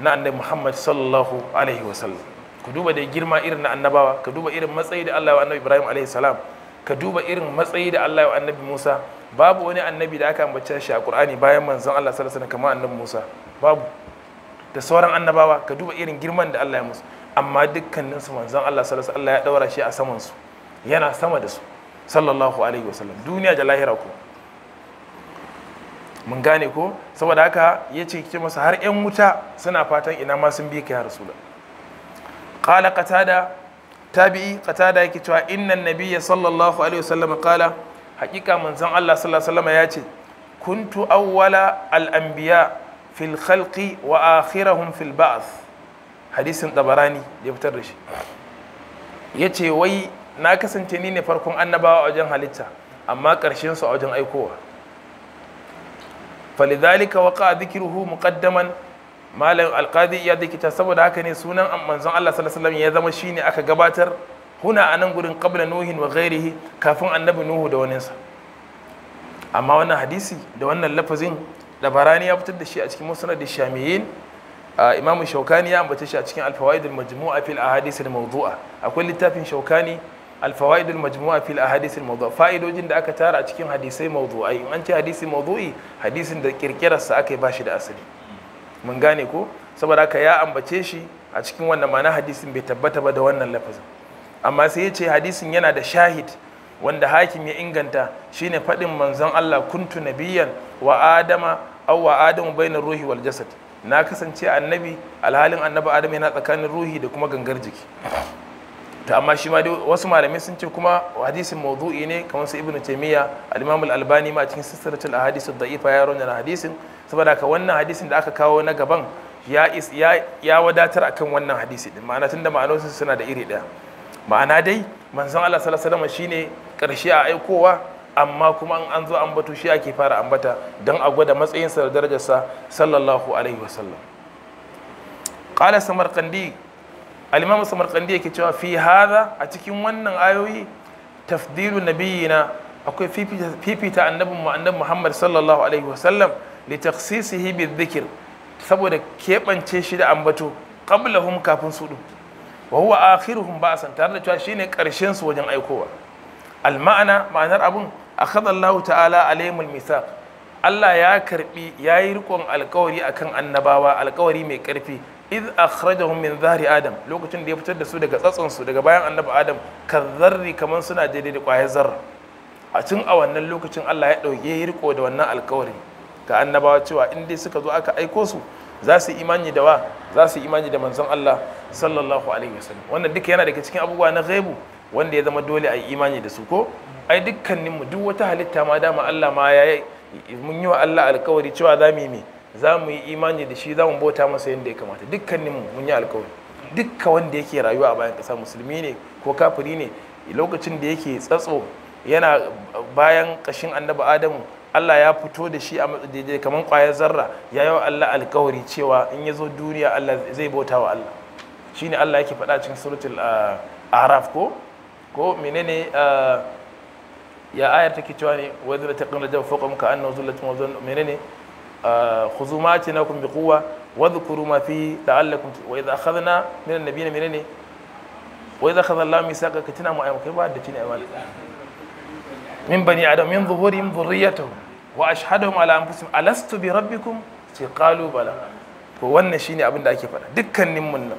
na annabi Muhammad sallallahu alaihi wa Sallam. Ku duba da girma irin na annabawa ka duba irin matsayi da Allah wa annabi Ibrahim alaihi salam ka duba irin matsayi da Allah wa annabi Musa babu wani annabi da aka ambace shi a Qur'ani bayan manzon Allah sallallahu alaihi wasallam kamar annabi Musa babu da sauran annabawa ka duba irin girman da Allah ya musu amma dukkaninsu manzon Allah sallallahu alaihi wasallam ya daura shi a saman su yana sama da su sallallahu alaihi wasallam duniya da lahira ko mun gane ko saboda haka ya ce ke masa har 'yan wuta suna fatan ina ma sun bi ka ya rasula qala qatada tabi'i qatada yake cewa innan nabiyya sallallahu alaihi wasallam qala haqiqa manzon Allah sallallahu alaihi wasallam ya ce kuntu awwala al-anbiya fil khalqi wa akhirahum fil ba'th hadisin tabarani ya fitar da shi yace wai na kasance ni ne farkon annabawa a wajen halitta amma ƙarshen su a wajen aikowa falidhalika waqa zikiruhu muqaddaman malam alqadi ya likita, saboda haka ne sunan manzon Allah sallallahu alaihi wasallam ya zama shine aka gabatar huna anan gurin qabla nuhin wa ghairihi kafin annabi nuhu da waninsa amma wannan hadisi da wannan lafazin da barani ya fitar da shi a cikin musnad shamiyin imamu shaukani ya ambace shi a cikin alfawaid majmu'a fil ahadith almawdu'a akwai littafin shaukani alfawaidul majmu'a fil ahadisin al mawdu' fa'idojin da aka tara a cikin hadisai mawdu'ai in an ce hadisi mawdu'i hadisin da kirkirar sa aka yi bashi da asali mun gane ko saboda haka ya ambace shi a cikin wannan ma'ana hadisin bai tabbata ba da wannan lafazin amma sai ya ce hadisin yana da shahid wanda hakim ya inganta shine faɗin manzon Allah kuntu nabiyyan wa adama aw wa adamu bainar ruhi wal jasad na kasance annabi alhalin annabi Adamu yana tsakanin ruhi da kuma gangar jiki to amma shi ma dai wasu malamai sun ce kuma hadisin mawdu'i ne kamar su ibnu taymiya al-imam al-albani ma cikin sisratul ahadith ad-da'ifa ya rawana hadisin saboda ka wannan hadisin da aka kawo na gaban ya ya wadatar akan wannan hadisi din ma'ana tunda ma'anarsu suna da iri daya ma'ana dai manzon Allah sallallahu alaihi wasallam shine karshe a aikowa amma kuma an an zo ambato shi ake fara ambata don a gwada matsayinsa da darajarsa sallallahu alaihi wasallam qala samarqandi al-imam yake cewa fi hada a cikin wannan ayoyi tafdilu nabiyina akwai fifita annabin mu annabi Muhammad sallallahu alaihi wasallam li saboda keɓance shi da ambato qablahum kafin su wa huwa akhiruhum ba'san tare da cewa shine karshen su wajen aikowa al ma'ana ma'anar abun akhadha Allah ta'ala alaihimul mithaq Allah ya karbi yayi rikon alkawari akan annabawa alkawari mai ƙarfi. iz akhrajahum min zahri adam lokacin da ya fitar da su daga tsatson su daga bayan annabi adam kazzarri kaman suna daidai da kwayar zarra a cikin a wannan lokacin Allah ya dauke ya riko da wannan alkawari ga annabawa cewa in dai suka zo aka aiko su za su imani da wa za su imani da manzon Allah sallallahu alaihi wasallam wannan duka yana daga cikin abubuwa na ghaibu wanda ya zama dole a yi imani da su ko ai dukkaninmu duk wata halitta ma dama Allah ma ya mun yi wa Allah alkawari cewa za mu yi za mu yi imani da shi za mu bauta masa yadda ya kamata dukkanin mu mun yi alkawari dukka wanda yake rayuwa a bayan ƙasa musulmi ne ko kafiri ne lokacin da yake tsatso yana bayan ƙashin annabi adamu Allah ya fito da shi a daidai kamar ƙwayar zarra ya yi wa Allah alkawari cewa in ya zo duniya Allah zai bauta wa Allah shi ne Allah yake faɗa cikin suratul ah, araf ko ko menene ah, ya ayar take cewa ne wa ta kan rajab fokon muka annahu zullatun wa menene khuzumatikum biquwa wadhkuru ma fi la'allakum wa idha akhadna min an-nabiyyin menene wa idha akhadha Allahu misaqa ka tuna mu ayyuka ba da tuna ayyuka min bani adam min zuhurihim dhurriyyatuhum wa ashhadahum ala anfusihim wannan shine abin da ake faɗa dukkanin mun nan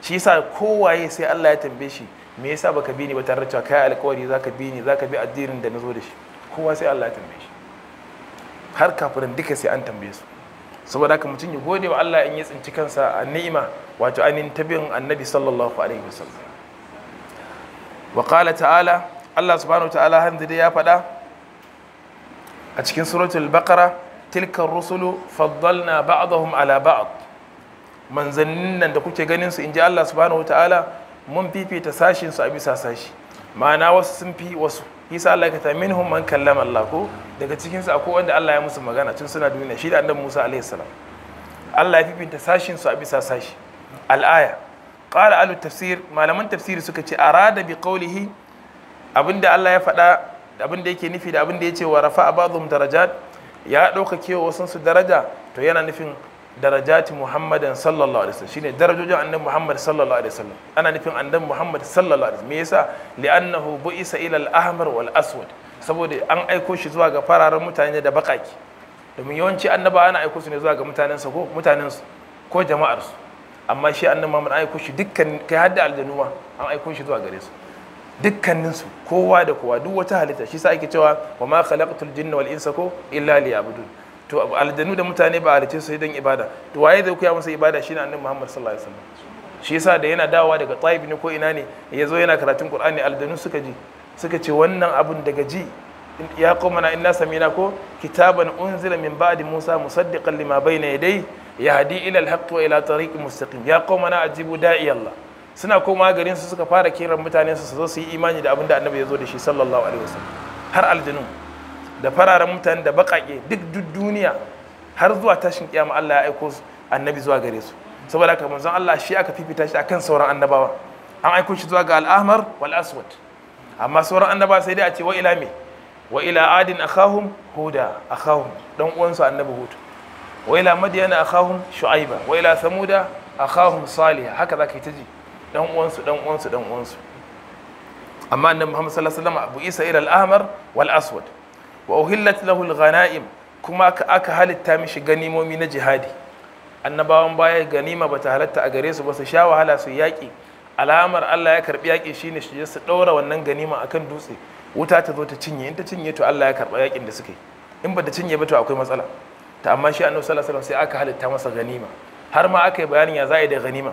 shi yasa kowaye sai Allah ya tambaye shi me yasa baka bi ni ba tare da cewa kai alƙawari zaka bi ni zaka bi addinin da nazo da shi kowa sai Allah ya tambaye shi har kafirin duka sai an tambaye su saboda haka mutum ya gode wa Allah in ya tsinci kansa a ni'ima wato ainihin tabin annabi sallallahu alaihi wasallam wa qala ta'ala Allah subhanahu ta'ala har da ya faɗa a cikin suratul baqara tilka rusulu faddalna ba'dahum ala ba'd manzannin nan da kuke ganin su inji Allah subhanahu ta'ala mun fifita sashin su a bisa sashi ma'ana wasu sun fi wasu Isa Allah ka tamin hum man kallama Allah ko daga cikin su akwai wanda Allah ya musu magana tun suna duniya shi da annabi Musa alaihi salam Allah ya fifinta sashin su a bisa sashi al-aya qala alu tafsir malaman tafsiri suka ce arada bi qawlihi abinda Allah ya faɗa abinda yake nufi da abinda yace wa rafa'a ba'dhum darajat ya ɗaukake wasan su daraja to yana nufin darajati muhammadin sallallahu alaihi wasallam shine darajojin annabi muhammad sallallahu alaihi wasallam ana nufin annabi muhammad sallallahu alaihi wasallam me yasa li'annahu bu'isa ila al-ahmar wal aswad saboda an aiko shi zuwa ga fararen mutane da bakaki domin yawanci annaba ana aiko su ne zuwa ga mutanen sa ko mutanen su ko jama'ar su amma shi annabi muhammad an aiko shi dukkan kai hadda aljanuwa an aiko shi zuwa gare su dukkanin su kowa da kowa duk wata halitta shi sa ake cewa wa ma khalaqtul jinna wal insa ko illa liya'budun to aljanu da mutane ba halice su don ibada to waye zai koya masa ibada shine annabi Muhammad sallallahu alaihi wasallam shi yasa da yana dawowa daga Taif ne ko ina ne ya zo yana karatun Qur'ani aljanu suka ji suka ce wannan abun daga ji ya qawmana inna samina ko kitaban unzila min ba'di Musa musaddiqan lima bayna yadayhi yahdi ila al-haqqi wa ila tariqin mustaqim ya qawmana ajibu da'i Allah suna koma garin su suka fara kiran mutanen su su zo su yi imani da abin da annabi ya zo da shi sallallahu alaihi wasallam har aljannu da fararen mutane da baƙaƙe duk duk duniya har zuwa tashin kiyama Allah ya aiko annabi zuwa gare su saboda haka manzon Allah shi aka fifita shi akan sauran annabawa an aiko shi zuwa ga al-ahmar wal aswad amma sauran annabawa sai dai a ce wa ila me wa ila adin akhahum huda akhahum dan uwansu annabi hud wa ila madyana akhahum shu'aiba wa ila samuda akhahum salih haka zaka yi ta ji dan uwansu dan uwansu dan uwansu amma annabi Muhammad sallallahu alaihi wasallam Abu Isa ila al-ahmar wal aswad wa uhillat lahu ghanaim kuma aka halitta mishi ganimomi na jihadi annabawan baya ganima bata halatta a gare su ba su sha wahala su yaki. alamar Allah ya karbi yaki shine shi su ɗaura wannan ganima akan dutse wuta ta zo ta cinye in ta cinye to Allah ya karba yaƙin da suka yi in ba ta cinye ba to akwai matsala ta amma shi annabi sallallahu alaihi wasallam sai aka halitta masa ganima har ma aka yi bayanin ya za da ganima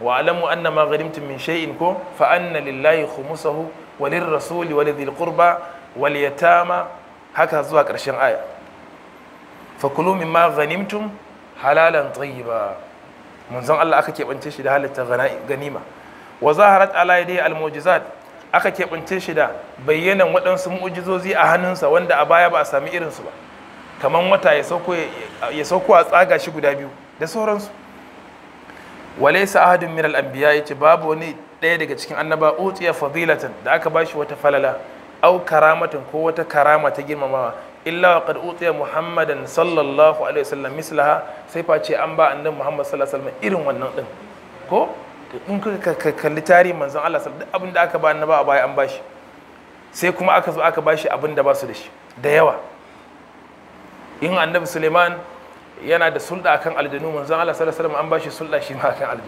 wa alamu anna ma ghanimtum min shay'in ko fa anna lillahi khumsahu wa lirrasuli wa lidhil qurba wal yatama haka zuwa ƙarshen aya fakulu ma ghanimtum halalan tayyiba zan Allah aka keɓance shi da halitta ganima wa zaharat ala yadi almu'jizat aka keɓance shi da bayyanan waɗansu mu'jizozi a hannunsa wanda a baya ba a sami irinsu ba kamar wata ya sauko a tsaga shi guda biyu da sauransu walaisa ahadun min al-anbiya ce, babu wani ɗaya daga cikin annaba utiya fadilatan da aka bashi wata falala au karamatin ko wata karama ta girmamawa illa wa qad utiya muhammadan sallallahu alaihi wasallam mislaha sai face an ba annabi muhammad sallallahu irin wannan din ko in kuka kalli tarihin manzon Allah duk abin da aka ba annaba a baya an bashi sai kuma aka zo aka bashi abin da ba su da shi da yawa in annabi suleiman yana da sulɗa akan aljanu manzon Allah sallallahu an bashi shi ma akan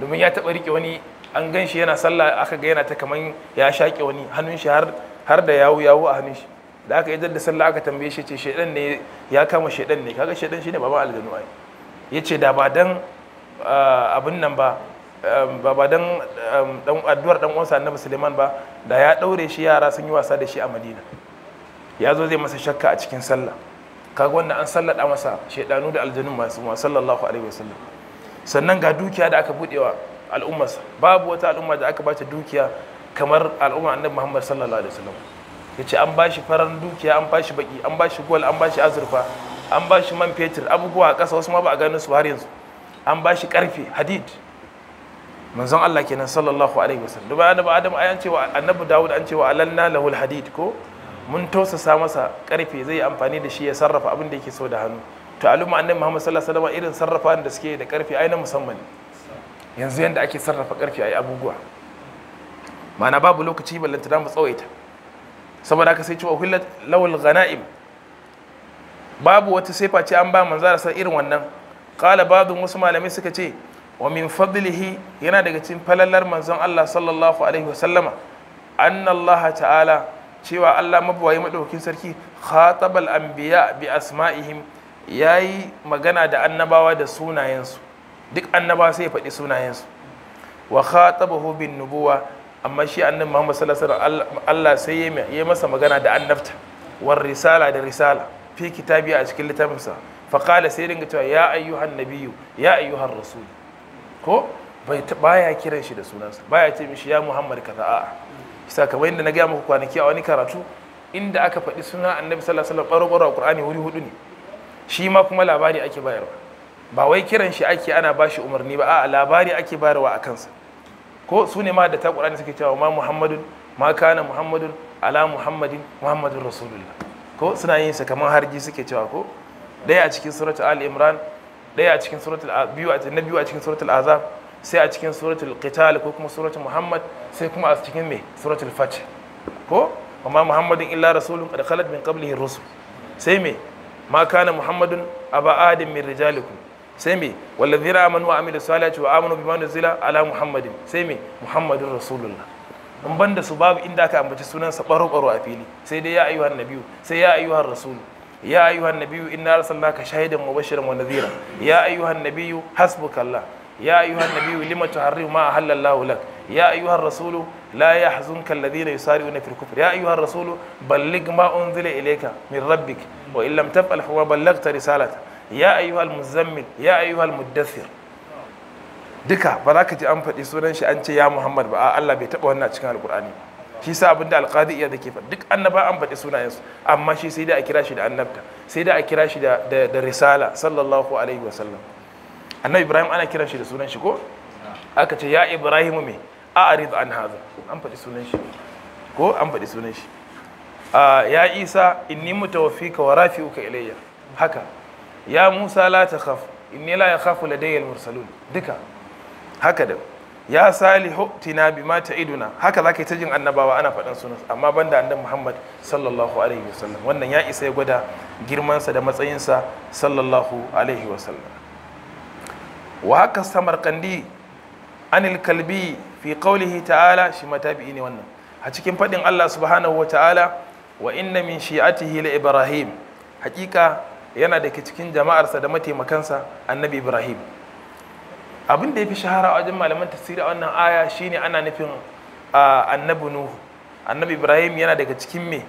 domin ya taɓa rike wani an gan shi yana sallah aka ga yana ta kaman ya shaƙe wani hannun shi har da yawo yawo a hannun shi da aka idar da sallah aka tambaye shi ce shaidan ne ya kama shaidan ne kaga shaidan shine baban aljanu ai yace da ba dan abin nan ba ba ba dan dan addu'ar dan uwansa annabi Suleiman ba da ya daure shi yara sun yi wasa da shi a Madina ya zo zai masa shakka a cikin sallah kaga wannan an sallada masa shaidanu da aljanun masu sallallahu alaihi wasallam sannan ga dukiya da aka budewa al'ummarsa babu wata al'umma da aka bata dukiya kamar al'umma annabi muhammad sallallahu alaihi wasallam ya ce an bashi farar dukiya an bashi baki an bashi gwal an bashi azurfa an bashi man fetur abubuwa a ƙasa wasu ma ba a gano su har yanzu an bashi ƙarfe hadid manzon Allah kenan sallallahu alaihi wasallam da bayan adam an cewa annabi dawud an cewa alanna lahul hadid ko mun tausasa masa ƙarfe zai amfani da shi ya sarrafa abin da yake so da hannu to al'umma annabi muhammad sallallahu alaihi wasallam irin sarrafa da suke da ƙarfe ai na musamman yanzu yadda ake sarrafa karfi a yi abubuwa mana babu lokaci ballanta mu tsawaita saboda aka sai cewa hulat lawal ghana'im babu wata sai face an ba manzara san irin wannan Kala ba'dun wasu malamai suka ce wa min fadlihi yana daga cikin falalar manzon Allah sallallahu alaihi wa sallama anna Allah ta'ala cewa Allah mabawayi madaukin sarki khatabal anbiya bi asma'ihim yayi magana da annabawa da sunayensu duk annaba sai ya faɗi sunayensu wa khatabahu bin nubuwa amma shi annabi Muhammad sallallahu alaihi Allah sai ya masa magana da annabta war risala da risala fi kitabi a cikin littafinsa fa qala sai dinga cewa ya ayyuhan nabiyyu ya ayyuhan rasul ko bai baya kiran shi da sunansa baya ce mishi ya Muhammad kaza a'a isa kamar yadda na ga muku kwanaki a wani karatu inda aka faɗi suna annabi sallallahu alaihi wasallam baro a Qur'ani wuri hudu ne shi ma kuma labari ake bayarwa ba wai kiran shi ake ana bashi umarni ba a labari ake bayarwa a kansa ko su ne ma da ta ƙur'ani suke cewa ma muhammadun ma kana muhammadun ala muhammadin muhammadun rasulullah ko suna yin sa kamar harji suke cewa ko ɗaya a cikin suratul al imran ɗaya a cikin suratul biyu na biyu a cikin suratul azab sai a cikin suratul qital ko kuma suratul muhammad sai kuma a cikin me suratul fath ko amma muhammadin illa rasulun qad khalat min qablihi rusul sai me ma kana muhammadun aba adam min rijalikum sai me wallazina amanu wa amilu salati wa amanu bima nuzila ala muhammadin sai me muhammadin rasulullah in da su babu inda aka ambaci sunansa baro baro a fili sai dai ya ayyuhan nabiyu sai ya ayyuhan rasulu ya ayyuhan nabiyu inna arsalnaka shahidan mubashiran wa nadhira ya ayyuhan nabiyu hasbukallah ya ayyuhan nabiyu lima tuharrimu ma ahallallahu lak ya ayyuhan rasulu la yahzunka alladhina yusari'una fil kufr ya ayyuhan rasulu balligh ma unzila ilayka min rabbik wa in lam taf'al fa ballagta risalata ya ayyuhal muzammil ya ayyuhal muddathir duka ba za ka ji an faɗi sunan shi an ce ya muhammad ba Allah bai taɓa wannan cikin alkur'ani ba shi sa abin da alƙadi iya da ke faɗi duk annaba an faɗi sunayensu amma shi sai da a kira shi da annabta sai da a kira shi da risala sallallahu alaihi wasallam annabi ibrahim ana kiran shi da sunan shi ko aka ce ya ibrahim me a arid an haza an faɗi sunan shi ko an faɗi sunan shi ya isa inni mutawaffika wa rafi'uka ilayya haka ya musa la ta khaf inni la yakhafu ladayya al-mursalun duka haka da ya salihu tina bima ta'iduna haka zaka ta jin annabawa ana faɗan sunan amma banda annabi Muhammad sallallahu alaihi wasallam wannan ya isa ya gwada girman sa da matsayin sa sallallahu alaihi wasallam wa haka samarkandi anil kalbi fi qawlihi ta'ala shi matabi'i ne wannan a cikin faɗin Allah subhanahu wa ta'ala wa inna min shi'atihi la ibrahim hakika yana da cikin jama'arsa da mataimakansa annabi ibrahim abin da ya fi shahara a wajen malaman tasiri a wannan aya shine ana nufin annabi nuhu annabi ibrahim yana daga cikin me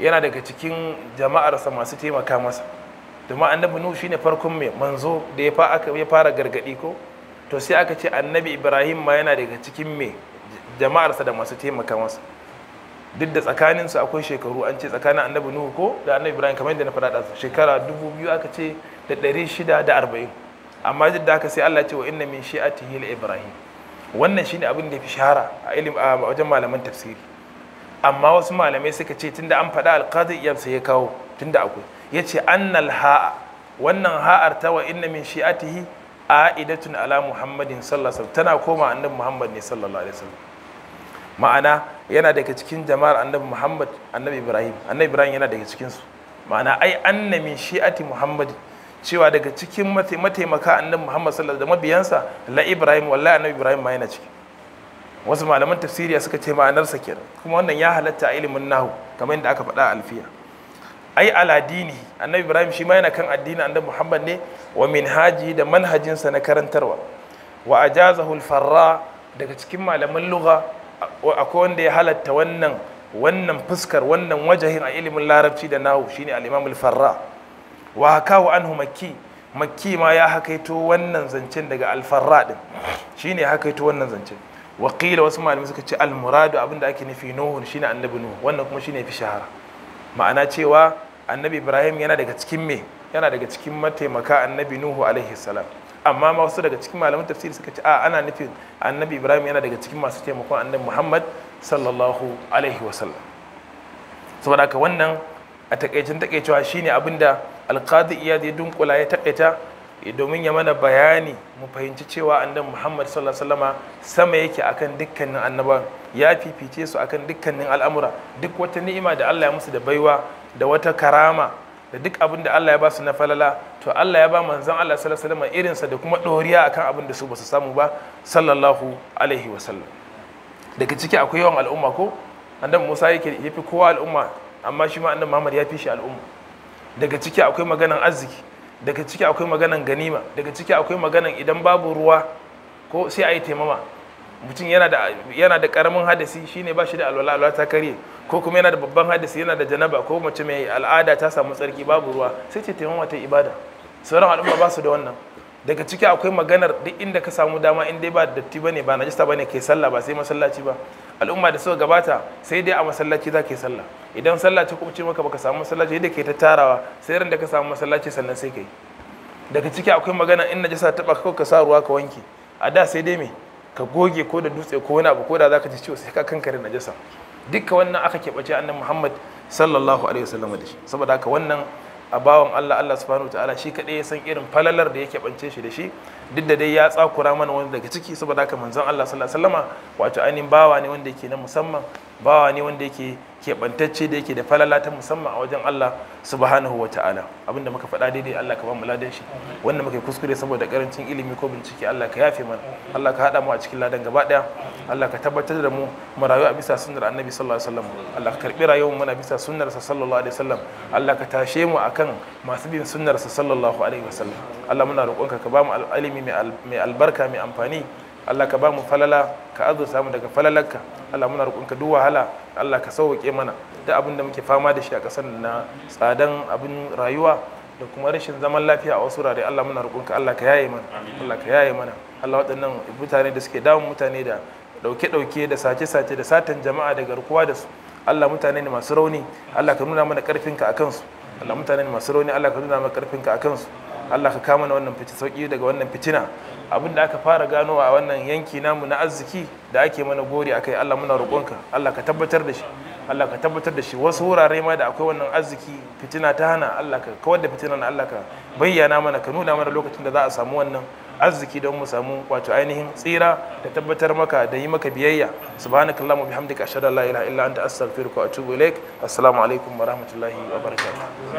yana daga cikin jama'arsa masu taimaka masa domin annabi nuhu shine farkon me manzo da ya fara gargadi ko to sai aka ce annabi ibrahim ma yana daga cikin me jama'arsa da masu taimaka masa duk da tsakaninsu akwai shekaru an ce tsakanin annabi nuhu ko da annabi ibrahim kamar yadda na faɗa shekara dubu biyu aka ce da ɗari shida da arba'in amma duk da haka sai allah ce wa inna min shi'atihi la ibrahim wannan shi ne abin da ya fi shahara a ilim a wajen malaman tafsiri amma wasu malamai suka ce tunda an faɗa alqadi iyam sai ya kawo tunda akwai Ya ce annal ha'a wannan ha'ar ta wa inna min shi'atihi a'idatun ala muhammadin sallallahu alaihi wasallam tana koma annabi muhammad ne sallallahu alaihi wasallam ma'ana yana daga cikin jama'ar annabi muhammad annabi ibrahim annabi ibrahim yana daga cikinsu ma'ana ai anna min shi'ati muhammad cewa daga cikin mataimaka annabi muhammad sallallahu da mabiyansa la ibrahim wallahi annabi ibrahim ma yana ciki wasu malaman tafsiriya suka ce ma'anar sa kenan kuma wannan ya halatta a ilimin nahu kamar yadda aka faɗa a alfiya ai aladini annabi ibrahim shi ma yana kan addini annabi muhammad ne wa minhaji da manhajinsa na karantarwa wa ajazahu farra daga cikin malaman lugha akwai wanda ya halatta wannan wannan fuskar wannan wajahin a ilimin larabci da nahu shine al-imam farra wa hakahu anhu makki makki ma ya hakaito wannan zancen daga al-farra din shine hakaito wannan zancen wa qila wasu malamai suka ce al-muradu abinda ake nufi nuhu shine annabi nuhu wannan kuma shine fi shahara ma'ana cewa annabi ibrahim yana daga cikin me yana daga cikin mataimaka annabi nuhu alaihi salam amma wasu daga cikin malaman tafsiri suka ce a ana nufin annabi ibrahim yana daga cikin masu taimakon annabi muhammad sallallahu alaihi wasallam saboda haka wannan a takaicin takaicewa shine abinda alqadi iyad ya dunkula ya takaita domin ya mana bayani mu fahimci cewa annabi muhammad sallallahu alaihi wasallama sama yake akan dukkanin annaban ya fifice su akan dukkanin al'amura duk wata ni'ima da allah ya musu da baiwa da wata karama da duk abin da Allah ya ba su na falala to Allah ya ba manzon Allah sallallahu alaihi wasallam irinsa da kuma doriya akan abin da su ba su samu ba sallallahu alaihi wasallam daga ciki akwai yawan al'umma ko annabi Musa yake yafi kowa al'umma amma shi ma annabi Muhammad ya fi shi al'umma daga ciki akwai maganan arziki daga ciki akwai maganan ganima daga ciki akwai maganan idan babu ruwa ko sai a yi taimama mutum yana da karamin hadasi shine ba shi da alwala alwala ta karye ko kuma yana da babban hadisi yana da janaba ko mace mai al'ada ta samu tsarki babu ruwa sai ce taimakon wata ibada sauran al'umma ba su da wannan daga ciki akwai maganar duk inda ka samu dama in dai ba datti bane ba najista bane kai sallah ba sai masallaci ba al'umma da suka gabata sai dai a masallaci za ka yi sallah idan sallah ta ce maka baka samu masallaci yadda ke ta tarawa sai ran da ka samu masallaci sannan sai kai daga ciki akwai magana in najasa taɓa ka sa ruwa ka wanke a da sai dai me ka goge ko da dutse ko wani abu ko da zaka ci ciwo sai ka kankare najasa duka wannan aka keɓace annabi Muhammad sallallahu alaihi wasallam da shi saboda haka wannan a bawan Allah Allah subhanahu wataala shi kaɗai ya san irin falalar da yake bance shi da shi duk da dai ya tsakura mana wani daga ciki saboda haka manzon Allah sallallahu alaihi wasallama wato ainihin bawa ne wanda yake na musamman bawa ne wanda yake keɓantacce da yake da falala ta musamman a wajen Allah subhanahu wa ta'ala abinda muka faɗa daidai Allah ka ba mu ladan shi wanda muka kuskure saboda karancin ilimi ko bincike Allah ka yafe mana Allah ka haɗa mu a cikin ladan gaba ɗaya Allah ka tabbatar da mu mu rayu a bisa sunnar annabi sallallahu alaihi wasallam Allah ka karbi rayuwar mu na bisa sunnar sa sallallahu alaihi wasallam Allah ka tashe mu akan masu bin sunnar sa sallallahu alaihi wasallam Allah muna roƙonka ka ba mu ilimi mai albarka mai amfani Allah ka ba mu falala ka azu mu daga falalarka Allah muna roƙonka duk wahala Allah ka sauke mana Da abin da muke fama da shi a ƙasar na tsadan abin rayuwa da kuma rashin zaman lafiya a wasu wurare Allah muna roƙonka Allah ka yaye mana Allah ka yaye mana Allah waɗannan mutane da suke damun mutane da ɗauke-ɗauke da sace-sace da satan jama'a da garkuwa da su Allah mutane ne masu rauni Allah ka nuna mana ƙarfinka a kansu Allah mutane ne masu rauni Allah ka nuna mana ƙarfinka a kansu Allah ka kama na wannan fice sauki daga wannan fitina abin da aka fara gano a wannan yanki namu na arziki da ake mana gori akai Allah muna roƙonka Allah ka tabbatar da shi Allah ka tabbatar da shi wasu wurare ma da akwai wannan arziki fitina ta hana Allah ka kawar da fitinan Allah ka bayyana mana ka nuna mana lokacin da za a samu wannan arziki don mu samu wato ainihin tsira da tabbatar maka da yi maka biyayya subhanakallahumma bihamdika ashhadu an la ilaha illa anta astaghfiruka wa atubu ilaik assalamu alaikum wa rahmatullahi wa barakatuh